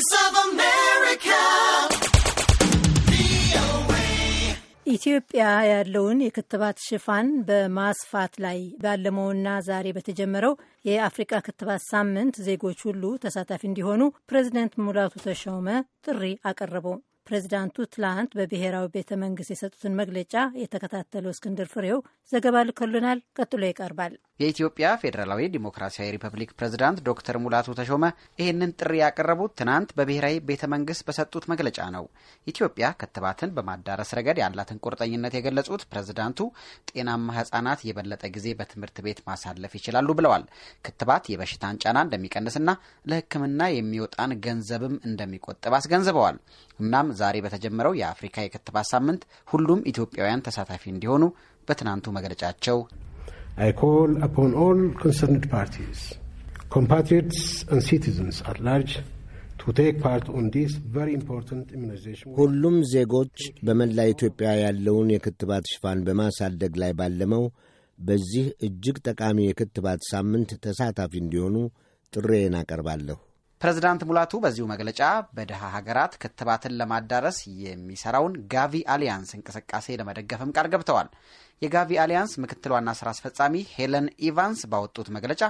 Voice of America. ኢትዮጵያ ያለውን የክትባት ሽፋን በማስፋት ላይ ባለመውና ዛሬ በተጀመረው የአፍሪቃ ክትባት ሳምንት ዜጎች ሁሉ ተሳታፊ እንዲሆኑ ፕሬዚደንት ሙላቱ ተሾመ ጥሪ አቀረቡ። ፕሬዚዳንቱ ትላንት በብሔራዊ ቤተ መንግስት የሰጡትን መግለጫ የተከታተለው እስክንድር ፍሬው ዘገባ ልኮልናል። ቀጥሎ ይቀርባል። የኢትዮጵያ ፌዴራላዊ ዲሞክራሲያዊ ሪፐብሊክ ፕሬዝዳንት ዶክተር ሙላቱ ተሾመ ይህንን ጥሪ ያቀረቡት ትናንት በብሔራዊ ቤተ መንግስት በሰጡት መግለጫ ነው። ኢትዮጵያ ክትባትን በማዳረስ ረገድ ያላትን ቁርጠኝነት የገለጹት ፕሬዝዳንቱ ጤናማ ህጻናት የበለጠ ጊዜ በትምህርት ቤት ማሳለፍ ይችላሉ ብለዋል። ክትባት የበሽታን ጫና እንደሚቀንስና ለሕክምና የሚወጣን ገንዘብም እንደሚቆጥብ አስገንዝበዋል። እናም ዛሬ በተጀመረው የአፍሪካ የክትባት ሳምንት ሁሉም ኢትዮጵያውያን ተሳታፊ እንዲሆኑ በትናንቱ መግለጫቸው I call upon all concerned parties, compatriots and citizens at large to take part on this very important immunization. ሁሉም ዜጎች በመላ ኢትዮጵያ ያለውን የክትባት ሽፋን በማሳደግ ላይ ባለመው በዚህ እጅግ ጠቃሚ የክትባት ሳምንት ተሳታፊ እንዲሆኑ ጥሬን አቀርባለሁ። ፕሬዝዳንት ሙላቱ በዚሁ መግለጫ በድሃ ሀገራት ክትባትን ለማዳረስ የሚሰራውን ጋቪ አሊያንስ እንቅስቃሴ ለመደገፍም ቃል ገብተዋል። የጋቪ አሊያንስ ምክትል ዋና ስራ አስፈጻሚ ሄለን ኢቫንስ ባወጡት መግለጫ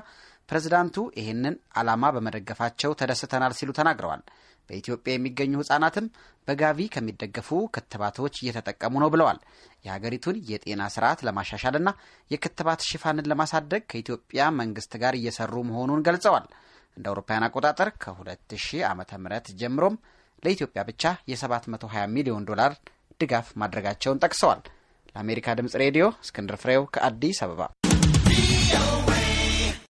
ፕሬዝዳንቱ ይህንን ዓላማ በመደገፋቸው ተደስተናል ሲሉ ተናግረዋል። በኢትዮጵያ የሚገኙ ህጻናትም በጋቪ ከሚደገፉ ክትባቶች እየተጠቀሙ ነው ብለዋል። የሀገሪቱን የጤና ስርዓት ለማሻሻልና የክትባት ሽፋንን ለማሳደግ ከኢትዮጵያ መንግስት ጋር እየሰሩ መሆኑን ገልጸዋል። እንደ አውሮፓውያን አቆጣጠር ከ2000 ዓ ም ጀምሮም ለኢትዮጵያ ብቻ የ720 ሚሊዮን ዶላር ድጋፍ ማድረጋቸውን ጠቅሰዋል። ለአሜሪካ ድምፅ ሬዲዮ እስክንድር ፍሬው ከአዲስ አበባ